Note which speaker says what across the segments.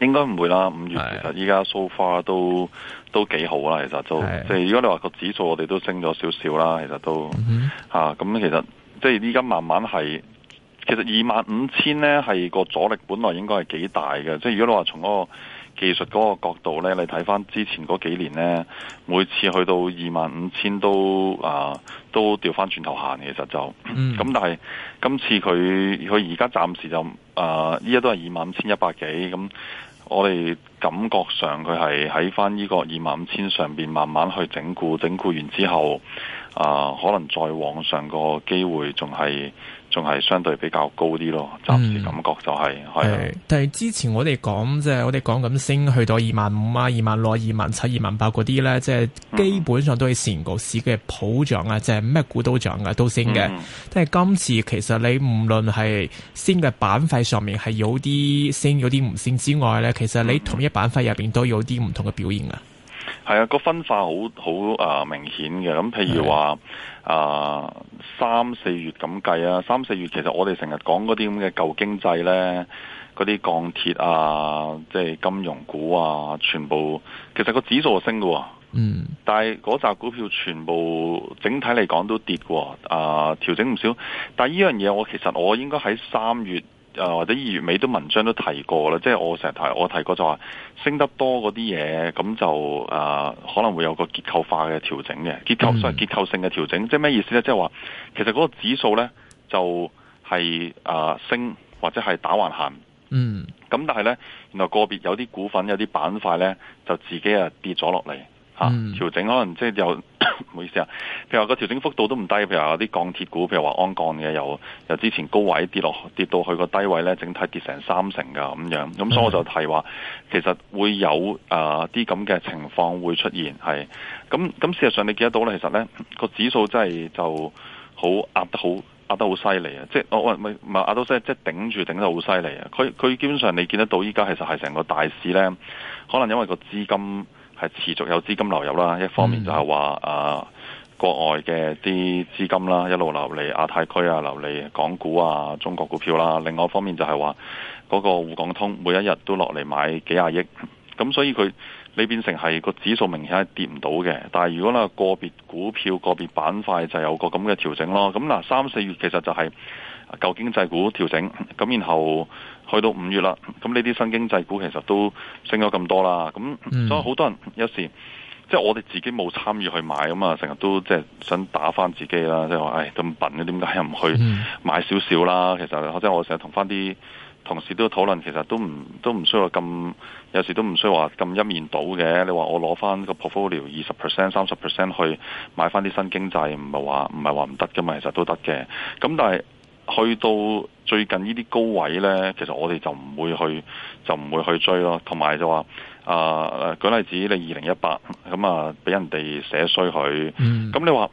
Speaker 1: 應該唔會啦。五月其實依家 so far 都的都幾好啦。其實都即係如果你話個指數，我哋都升咗少少啦。其實都嚇咁、嗯哼啊、其實即係依家慢慢係其實二萬五千咧係個阻力，本來應該係幾大嘅。即係如果你話從嗰個技術嗰個角度咧，你睇翻之前嗰幾年咧，每次去到二萬五千都啊都調翻轉頭行。其實就咁，嗯、但係今次佢佢而家暫時就啊依家都係二萬五千一百幾咁。嗯我哋感覺上佢係喺返呢個二萬五千上邊慢慢去整固，整固完之後，啊，可能再往上個機會仲係。仲係相對比較高啲咯，暫時感覺就係、是、係。嗯、
Speaker 2: 的但係之前我哋講即係我哋講緊升去到二萬五啊、二萬六、二萬七、二萬八嗰啲咧，即係基本上都係成個市嘅普漲啊，即係咩股都漲啊，都升嘅。嗯、但係今次其實你唔論係升嘅板塊上面係有啲升有啲唔升之外咧，其實你同一板塊入邊都有啲唔同嘅表現啊。
Speaker 1: 係啊，個分化好好啊明顯嘅。咁譬如話啊三四月咁計啊，三四月其實我哋成日講嗰啲咁嘅舊經濟咧，嗰啲鋼鐵啊，即係金融股啊，全部其實個指數升嘅喎，嗯，但係嗰扎股票全部整體嚟講都跌嘅喎，啊、呃、調整唔少，但係呢樣嘢我其實我應該喺三月。誒、呃、或者二月尾都文章都提過啦，即係我成日提，我提過就話升得多嗰啲嘢，咁就誒、呃、可能會有個結構化嘅調整嘅結構上、嗯、結構性嘅調整，即係咩意思咧？即係話其實嗰個指數咧就係、是、誒、呃、升或者係打橫行，嗯，咁但係咧，原來個別有啲股份、有啲板塊咧就自己啊跌咗落嚟。啊，調整可能即係又，唔 好意思啊。譬如話個調整幅度都唔低，譬如話啲鋼鐵股，譬如話鞍鋼嘅，由由之前高位跌落跌到去個低位咧，整體跌成三成噶咁樣。咁所以我就提話，其實會有啊啲咁嘅情況會出現係。咁咁事實上你見得到咧，其實咧個指數真係就好壓得好壓得好犀利啊！即係我我唔係唔壓到犀利，即係頂住頂得好犀利啊！佢佢基本上你見得到依家其實係成個大市咧，可能因為個資金。係持續有資金流入啦，一方面就係話誒國外嘅啲資金啦，一路流嚟亞太區啊，流嚟港股啊，中國股票啦；另外一方面就係話嗰個滬港通每一日都落嚟買幾廿億，咁所以佢你變成係個指數明顯係跌唔到嘅。但係如果咧個別股票、個別板塊就有個咁嘅調整咯。咁嗱，三四月其實就係舊經濟股調整，咁然後。去到五月啦，咁呢啲新經濟股其實都升咗咁多啦，咁、嗯、所以好多人有時即係我哋自己冇參與去買啊嘛，成日都即係想打翻自己啦，即係話誒咁笨嘅點解又唔去買少少啦？其實或者我成日同翻啲同事都討論，其實都唔都唔需要咁有時都唔需要話咁一面倒嘅。你話我攞翻個 portfolio 二十 percent、三十 percent 去買翻啲新經濟，唔係話唔係話唔得㗎嘛，其實都得嘅。咁但係。去到最近呢啲高位咧，其實我哋就唔會去，就唔會去追咯。同埋就話啊、呃，舉例子你二零一八，咁啊俾人哋寫衰佢，咁你話。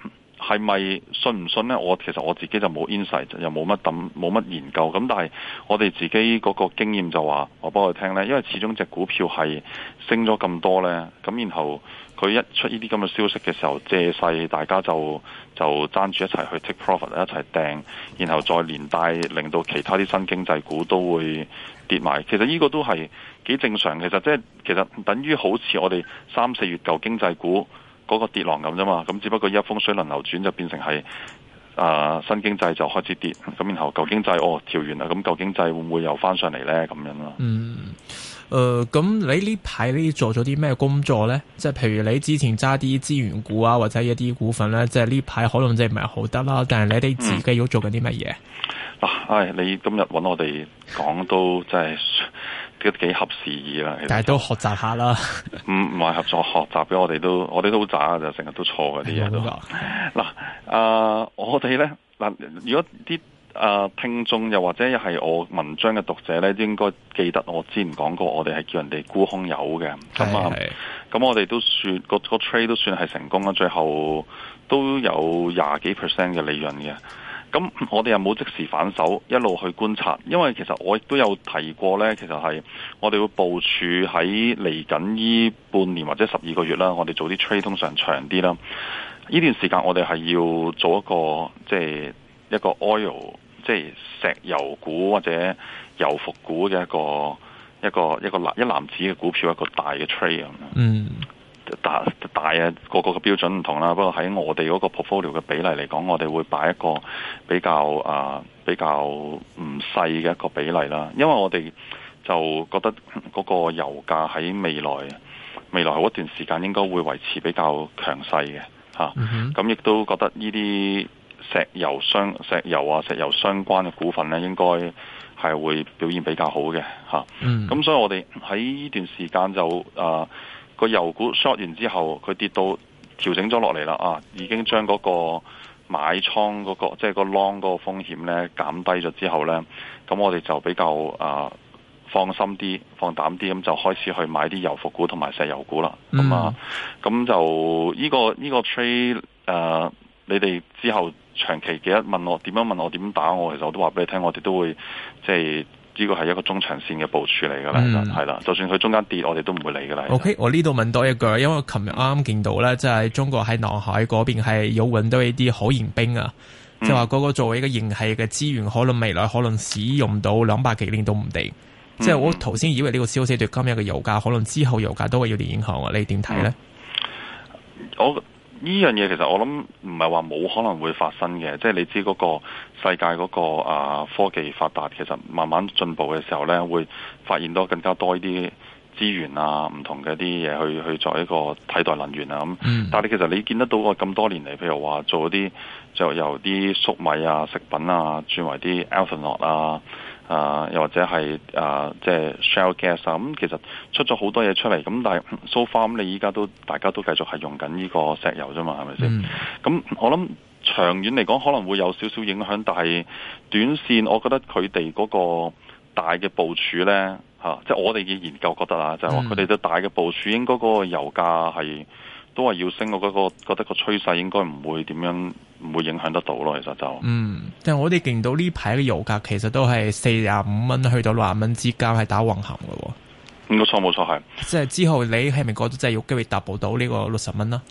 Speaker 1: 係咪信唔信呢？我其實我自己就冇 insight，又冇乜諗，冇乜研究。咁但係我哋自己嗰個經驗就話，我幫佢聽呢。因為始終隻股票係升咗咁多呢。咁然後佢一出呢啲咁嘅消息嘅時候，借勢大家就就爭住一齊去 take profit，一齊掟，然後再連帶令到其他啲新經濟股都會跌埋。其實呢個都係幾正常。其實即係其實等於好似我哋三四月舊經濟股。嗰個跌浪咁啫嘛，咁只不過一風水輪流轉就變成係啊、呃、新經濟就開始跌，咁然後舊經濟哦調完啦，咁舊經濟會唔會又翻上嚟咧咁樣咯？嗯，誒、
Speaker 2: 呃，咁你呢排呢做咗啲咩工作咧？即係譬如你之前揸啲資源股啊，或者一啲股份咧，即係呢排可能即係唔係好得啦，但係你哋自己要做緊啲乜嘢？
Speaker 1: 嗱、嗯，誒，你今日搵我哋講都真係。都幾合時宜啦，就是、但係都學習下啦、嗯。唔唔係合作學習嘅，我哋都我哋都渣就成日都錯嗰啲嘢都。嗱啊，呃、我哋咧嗱，如果啲啊、呃、聽眾又或者又係我文章嘅讀者咧，都應該記得我之前講過我，我哋係叫人哋沽空油嘅咁啊。咁我哋都算個個 trade 都算係成功啦，最後都有廿幾 percent 嘅利潤嘅。咁我哋又冇即時反手，一路去觀察，因為其實我亦都有提過呢，其實係我哋會部署喺嚟緊呢半年或者十二個月啦，我哋做啲 trade 通常長啲啦。呢段時間我哋係要做一個即係一個 oil 即係石油股或者油服股嘅一個一個一個一籃子嘅股票一個大嘅 trade 咁嗯。大大啊，個個嘅標準唔同啦。不過喺我哋嗰個 portfolio 嘅比例嚟講，我哋會擺一個比較啊、呃、比較唔細嘅一個比例啦。因為我哋就覺得嗰個油價喺未來未來嗰段時間應該會維持比較強勢嘅嚇。咁、啊、亦、mm hmm. 都覺得呢啲石油相石油啊石油相關嘅股份咧，應該係會表現比較好嘅嚇。咁、啊 mm hmm. 所以我哋喺呢段時間就啊～、呃個油股 short 完之後，佢跌到調整咗落嚟啦啊！已經將嗰個買倉嗰個，即係個 long 嗰個風險咧減低咗之後咧，咁我哋就比較啊放心啲、放膽啲，咁就開始去買啲油服股同埋石油股啦。咁、嗯、啊，咁就呢個呢個 trade 誒、啊，你哋之後長期記得問我點樣問我點打我，其實我都話俾你聽，我哋都會即係。呢個係一個中長線嘅部署嚟㗎啦，係啦、嗯，就算佢中間跌，我哋都唔會理㗎啦。OK，
Speaker 2: 我呢度問多一句，因為我琴日啱啱見到咧，即、就、係、是、中國喺南海嗰邊係有揾到一啲可燃冰啊，即係話嗰個作為一個鹽係嘅資源，可能未來可能使用到兩百幾年都唔定。即係、嗯、我頭先以為呢個消息對今日嘅油價，可能之後油價都會有啲影響啊？你點睇咧？
Speaker 1: 我。呢樣嘢其實我諗唔係話冇可能會發生嘅，即係你知嗰個世界嗰個啊科技發達，其實慢慢進步嘅時候呢，會發現到更加多啲資源啊，唔同嘅啲嘢去去作一個替代能源啊。咁，mm. 但係其實你見得到我咁多年嚟，譬如話做啲就由啲粟米啊食品啊轉為啲 ethanol 啊。啊，又或者係啊，即係 Shell Gas 啊，咁其實出咗好多嘢出嚟，咁但係 so far 你依家都大家都繼續係用緊呢個石油啫嘛，係咪先？咁、mm. 嗯、我諗長遠嚟講可能會有少少影響，但係短線我覺得佢哋嗰個大嘅部署咧嚇、啊，即係我哋嘅研究覺得啦，就係話佢哋都大嘅部署應該嗰個油價係。都話要升，我覺得覺得個趨勢應該唔會點樣，唔會影響得到咯。其實就
Speaker 2: 嗯，但係我哋見到呢排嘅油價其實都係四十五蚊去到六十蚊之間係打橫行嘅。
Speaker 1: 冇錯，冇錯係。
Speaker 2: 即係之後你係咪覺得即係有機會突破到個呢個六十蚊啦？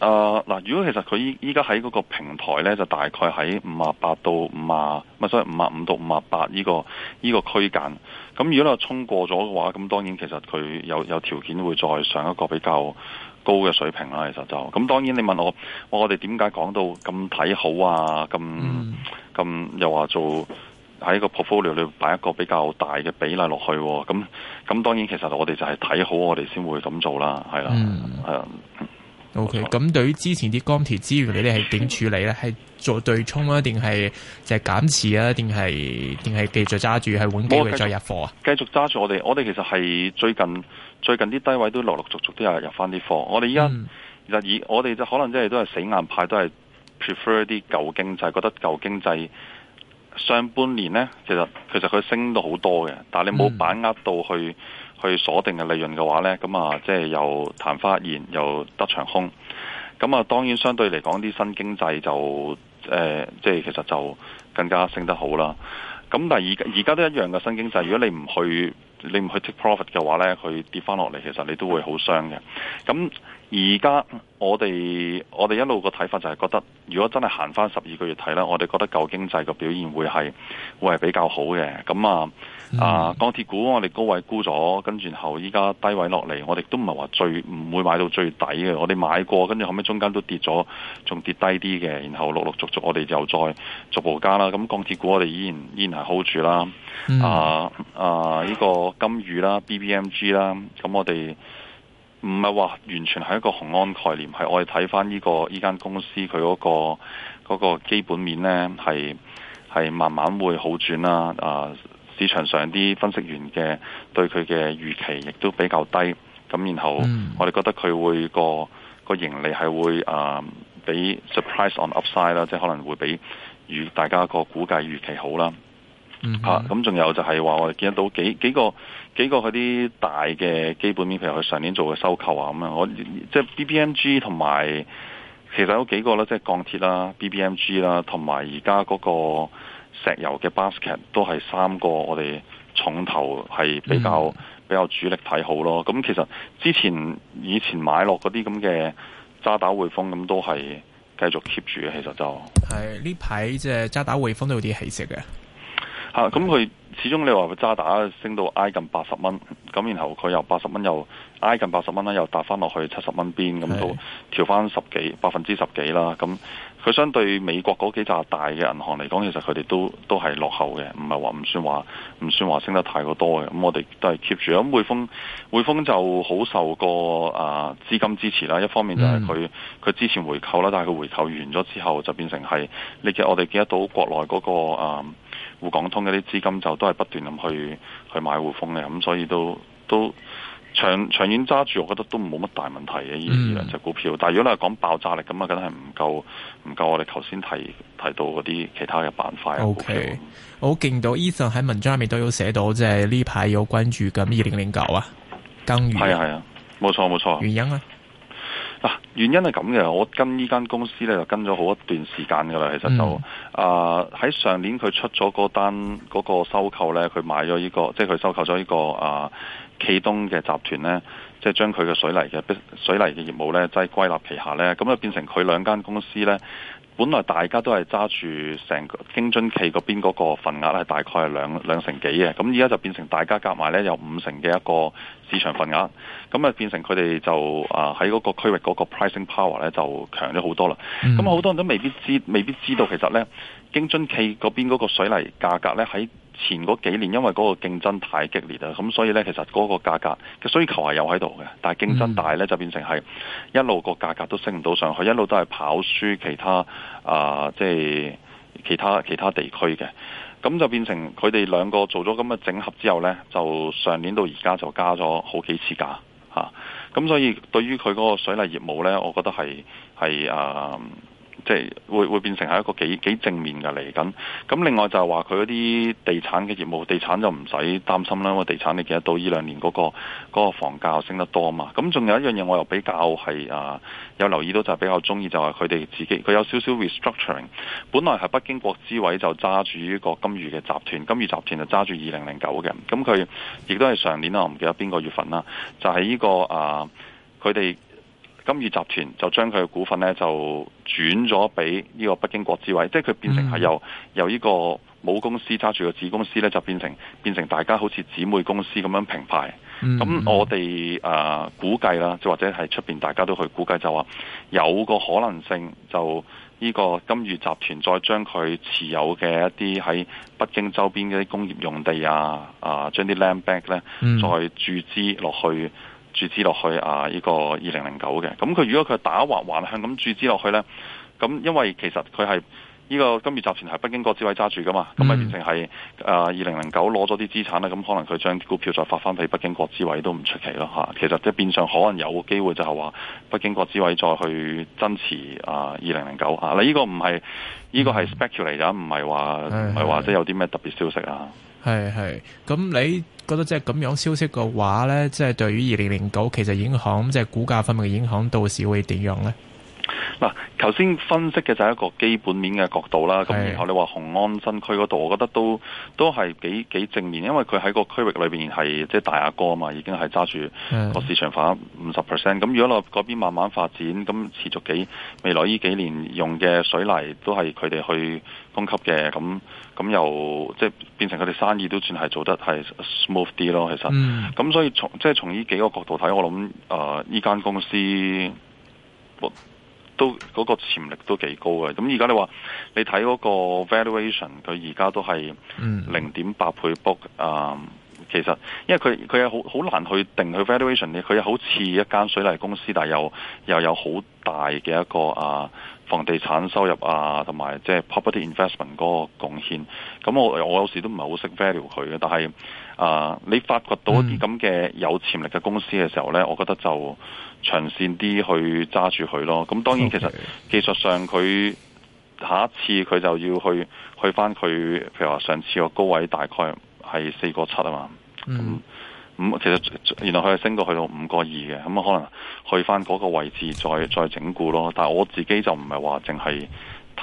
Speaker 1: 誒、呃，嗱、呃，如果其實佢依家喺嗰個平台咧，就大概喺五啊八到五啊、這個，咪所以五啊五到五啊八呢個呢個區間。咁如果你話衝過咗嘅話，咁當然其實佢有有條件會再上一個比較。高嘅水平啦、啊，其實就咁。當然你問我，我我哋點解講到咁睇好啊？咁咁、嗯、又話做喺個 portfolio 裏，擺一個比較大嘅比例落去、啊。咁咁當然其實我哋就係睇好我哋先會咁做啦、啊，係啦、啊，係啦、嗯。嗯
Speaker 2: O K，咁對於之前啲鋼鐵資源，你哋係點處理咧？係做對沖啊，定係就係減持啊，定係定係繼續揸住係換機會再入貨
Speaker 1: 啊？繼續揸住我哋，我哋其實係最近最近啲低位都陸陸續續都有入翻啲貨。我哋依家，其實以我哋就可能即係都係死硬派，都係 prefer 啲舊經濟，覺得舊經濟上半年咧，其實其實佢升到好多嘅，但係你冇把握到去。去鎖定嘅利潤嘅話呢，咁、嗯、啊，即係又曇花現，又得場空。咁、嗯、啊，當然相對嚟講啲新經濟就誒、呃，即係其實就更加升得好啦。咁、嗯、但係而而家都一樣嘅新經濟，如果你唔去你唔去 take profit 嘅話呢，佢跌翻落嚟，其實你都會好傷嘅。咁而家我哋我哋一路個睇法就係覺得，如果真係行翻十二個月睇啦，我哋覺得舊經濟嘅表現會係會係比較好嘅。咁、嗯、啊～、嗯嗯、啊！鋼鐵股我哋高位沽咗，跟住然後依家低位落嚟，我哋都唔係話最唔會買到最底嘅。我哋買過，跟住後尾中間都跌咗，仲跌低啲嘅。然後陸陸續續，我哋又再逐步加啦。咁鋼鐵股我哋依然依然係 hold 住啦。啊啊！依、呢個金隅啦，BBMG 啦，咁、啊、我哋唔係話完全係一個雄安概念，係我哋睇返呢個依間公司佢嗰、嗰個嗰個基本面呢係係慢慢會好轉啦。啊！市場上啲分析員嘅對佢嘅預期亦都比較低，咁然後我哋覺得佢會個個盈利係會啊、呃、畀 surprise on upside 啦，即係可能會比預大家個估計預期好啦。
Speaker 3: Mm hmm. 啊，
Speaker 1: 咁、嗯、仲有就係話我哋見得到幾幾個幾個嗰啲大嘅基本面，譬如佢上年做嘅收購啊咁樣，我即係 BBMG 同埋。其實有幾個啦，即係鋼鐵啦、BBMG 啦，同埋而家嗰個石油嘅 basket 都係三個，我哋重頭係比較、嗯、比較主力睇好咯。咁其實之前以前買落嗰啲咁嘅渣打匯豐咁都係繼續 keep 住嘅，其實就
Speaker 2: 係呢排即係渣打匯豐都有啲起色嘅。
Speaker 1: 嚇！咁佢、嗯、始終你話佢渣打升到挨近八十蚊，咁然後佢又八十蚊又挨近八十蚊啦，又搭翻落去七十蚊邊咁都調翻十幾百分之十幾啦。咁、嗯、佢相對美國嗰幾隻大嘅銀行嚟講，其實佢哋都都係落後嘅，唔係話唔算話唔算話升得太多、嗯嗯、過多嘅。咁我哋都係 keep 住。咁匯豐匯豐就好受個啊資金支持啦。一方面就係佢佢之前回購啦，但係佢回購完咗之後就變成係你嘅我哋記得到國內嗰、那個啊。滬港通嘅啲資金就都係不斷咁去去買滬鋒嘅，咁、嗯、所以都都長長遠揸住，我覺得都冇乜大問題嘅呢兩隻，嗯、股票。但係如果你係講爆炸力咁啊，梗係唔夠唔夠我哋頭先提提到嗰啲其他嘅板塊。O K，
Speaker 2: 我見到 Ethan 喺文章入面都有寫到，即係呢排有關注緊二零零九啊，更預係啊係啊，
Speaker 1: 冇錯冇錯。啊、錯錯原因咧、啊？啊、原因係咁嘅，我跟呢間公司咧，就跟咗好一段時間噶啦。其實就、嗯、啊，喺上年佢出咗嗰單嗰、嗰個收購咧，佢買咗呢、呢個，即係佢收購咗呢個啊。冀東嘅集團呢，即係將佢嘅水泥嘅水泥嘅業務咧，即係歸納旗下呢。咁啊變成佢兩間公司呢，本來大家都係揸住成京津冀嗰邊嗰個份額咧，係大概係兩兩成幾嘅，咁而家就變成大家夾埋呢，有五成嘅一個市場份額，咁啊變成佢哋就啊喺嗰個區域嗰個 pricing power 呢，就強咗好多啦。咁好多人，嗯，都未必知，未必知道其實呢，京津冀嗰邊嗰個水泥價格呢，喺。前嗰幾年，因為嗰個競爭太激烈啦，咁所以呢，其實嗰個價格嘅需求係有喺度嘅，但係競爭大呢，就變成係一路個價格都升唔到上去，一路都係跑輸其他啊、呃，即係其他其他地區嘅。咁就變成佢哋兩個做咗咁嘅整合之後呢，就上年到而家就加咗好幾次價嚇。咁、啊、所以對於佢嗰個水泥業務呢，我覺得係係啊。即係會會變成係一個幾幾正面嘅嚟緊。咁另外就係話佢嗰啲地產嘅業務，地產就唔使擔心啦。因為地產你記得到呢兩年嗰個嗰個房價升得多嘛？咁仲有一樣嘢我又比較係啊，有留意到就係比較鍾意，就係佢哋自己佢有少少 restructuring。本來係北京國資委就揸住呢個金隅嘅集團，金隅集團就揸住二零零九嘅。咁佢亦都係上年啦，我唔記得邊個月份啦，就係呢個啊佢哋。金隅集團就將佢嘅股份咧就轉咗俾呢個北京國資委，即係佢變成係由、mm hmm. 由呢個母公司揸住嘅子公司咧就變成變成大家好似姊妹公司咁樣平排。咁、mm hmm. 我哋誒、呃、估計啦，就或者係出邊大家都去估計就，就話有個可能性就呢個金隅集團再將佢持有嘅一啲喺北京周邊嘅啲工業用地啊啊、呃，將啲 land bank 咧、mm hmm. 再注資落去。注資落去啊！呢、這個二零零九嘅，咁、嗯、佢、嗯、如果佢打橫橫向咁注資落去呢？咁因為其實佢係呢個金隅集團係北京國資委揸住噶嘛，咁咪變成係啊二零零九攞咗啲資產咧，咁、啊、可能佢將股票再發翻俾北京國資委都唔出奇咯吓、啊。其實即係變相可能有機會就係話北京國資委再去增持啊二零零九啊。你呢個唔係呢個係 speculate 啊，唔係話唔係話即有啲咩特別消息啊。
Speaker 2: 係係，咁你覺得即係咁樣消息嘅話咧，即係對於二零零九其實影響，即係股價方面嘅影響，到時會點樣咧？
Speaker 1: 嗱，頭先分析嘅就係一個基本面嘅角度啦，咁是然後你話雄安新區嗰度，我覺得都都係幾幾正面，因為佢喺個區域裏邊係即係大阿哥啊嘛，已經係揸住個市場化五十 percent，咁如果落嗰邊慢慢發展，咁持續幾未來呢幾年用嘅水泥都係佢哋去供給嘅，咁咁又即係變成佢哋生意都算係做得係 smooth 啲咯，其實，咁、mm. 所以從即係從呢幾個角度睇，我諗誒呢間公司，都嗰、嗰個潛力都幾高嘅，咁而家你話你睇嗰個 valuation，佢而家都係零點八倍 book 啊、嗯，其實因為佢佢係好好難去定佢 valuation 嘅，佢又好似一間水泥公司，但係又又有好大嘅一個啊房地產收入啊，同埋即係 property investment 嗰個貢獻。咁、嗯、我我有時都唔係好識 value 佢嘅，但係。啊！Uh, 你發掘到一啲咁嘅有潛力嘅公司嘅時候呢，嗯、我覺得就長線啲去揸住佢咯。咁當然，其實技術上佢下一次佢就要去去翻佢，譬如話上次個高位大概係四個七啊嘛。嗯、嗯，咁其實原來佢係升到去到五個二嘅，咁啊可能去翻嗰個位置再再整固咯。但係我自己就唔係話淨係。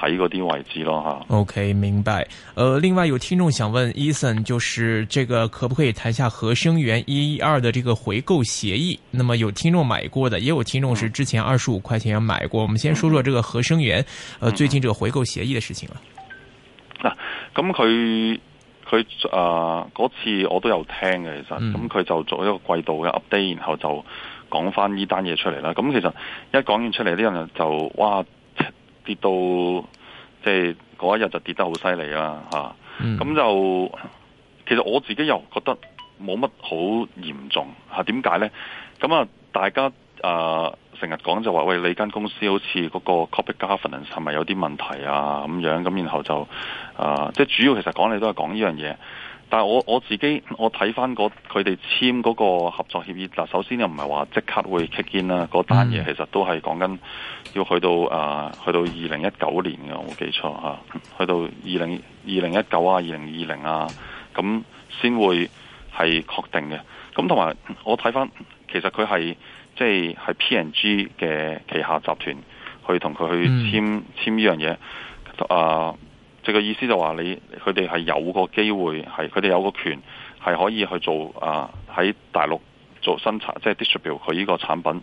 Speaker 1: 喺嗰啲位置咯吓。
Speaker 2: OK，明白。呃，另外有聽眾想問 Ethan，就是這個可不可以談下合生元一二的這個回購協議？那麼有聽眾買過的，也有聽眾是之前二十五塊錢買過。嗯、我們先說說這個合生元，呃，最近這個回購協議的事情啦。
Speaker 1: 嗱、嗯，咁佢佢誒嗰次我都有聽嘅，其實咁佢就做一個季度嘅 update，然後就講翻呢單嘢出嚟啦。咁其實一講完出嚟，啲人就哇。跌到即係嗰一日就跌得好犀利啦，吓、啊、咁、mm. 就其實我自己又覺得冇乜好嚴重吓，點解咧？咁啊，大家誒成日講就話喂，你間公司好似嗰個 corporate governance 係咪有啲問題啊？咁樣咁然後就啊、呃，即係主要其實講你都係講呢樣嘢。但係我我自己，我睇翻佢哋簽嗰個合作協議，嗱，首先又唔係話即刻會 kick in 啦，嗰單嘢其實都係講緊要去到、呃、去到啊，去到二零一九年嘅，我冇記錯嚇，去到二零二零一九啊，二零二零啊，咁先會係確定嘅。咁同埋我睇翻，其實佢係即係係 P&G 嘅旗下集團去同佢去簽簽呢樣嘢啊。呃即係個意思就話你佢哋係有個機會，係佢哋有個權係可以去做啊喺、呃、大陸做生產，即係 distribute 佢呢個產品。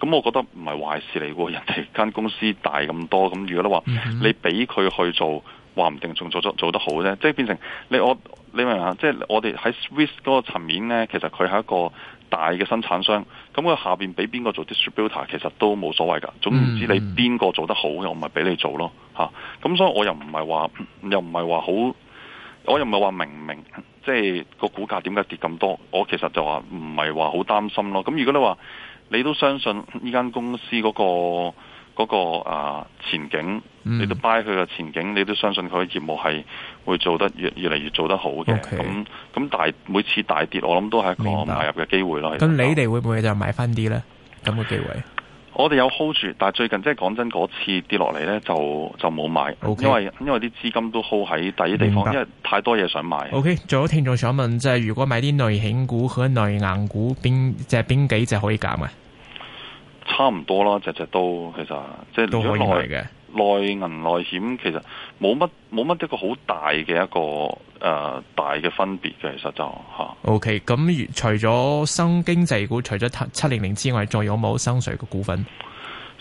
Speaker 1: 咁、嗯、我覺得唔係壞事嚟喎，人哋間公司大咁多，咁、嗯、如果、嗯、哼你話你俾佢去做。話唔定仲做得做得好咧，即係變成你我你明唔明啊？即係我哋喺 Swiss 嗰個層面呢，其實佢係一個大嘅生產商，咁佢下邊俾邊個做 distributor，其實都冇所謂噶。總言之，你邊個做得好，我咪俾你做咯，吓、啊。咁所以我又唔係話，又唔係話好，我又唔係話明唔明？即係個股價點解跌咁多？我其實就話唔係話好擔心咯。咁如果你話你都相信呢間公司嗰、那個。嗰個啊，前景，你都 buy 佢嘅前景，你都、嗯、相信佢嘅業務係會做得越越嚟越做得好嘅。咁咁 Okay. 大每次大跌，我諗都係一個買入嘅機會啦。咁白實你哋會唔
Speaker 2: 會就買翻啲咧？咁嘅機會？
Speaker 1: 我哋有 hold 住，但係最近即係講真嗰次跌落嚟咧，就就冇買 Okay. 因。因為因為啲資金都 hold 喺第二地方，白因為太多嘢想買。
Speaker 2: O K，仲有聽眾想問，即、就、係、是、如果買啲內險股和內銀股，邊即係、就是、邊幾隻可以減
Speaker 1: 啊？差唔多啦，只只都其實即係如果內內銀內險其實冇乜冇乜一個好大嘅一個誒、呃、大嘅分別嘅，其實就吓、
Speaker 2: 是。O K，咁除咗新經濟股，除咗七零零之外，仲有冇心水嘅股份？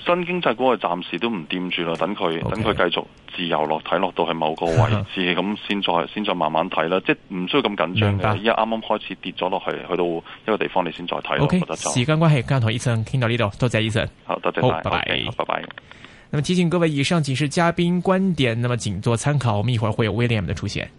Speaker 1: 新經濟股啊，暫時都唔掂住啦，等佢 Okay. 等佢繼續自由落體落到去某個位置，咁、uh huh. 先再先再慢慢睇啦。即係唔需要咁緊張嘅。依家啱啱開始跌咗落去，去到一個地方你先再睇。O Okay , K，時間
Speaker 2: 關係，今日同 Ethan 傾到呢度，多謝 Ethan。
Speaker 1: 好，多謝曬，拜拜。拜拜。Bye bye.
Speaker 2: 那麼提醒各位，以上僅是嘉賓觀點，那麼僅作參考。我們一會兒會有 William 的出現。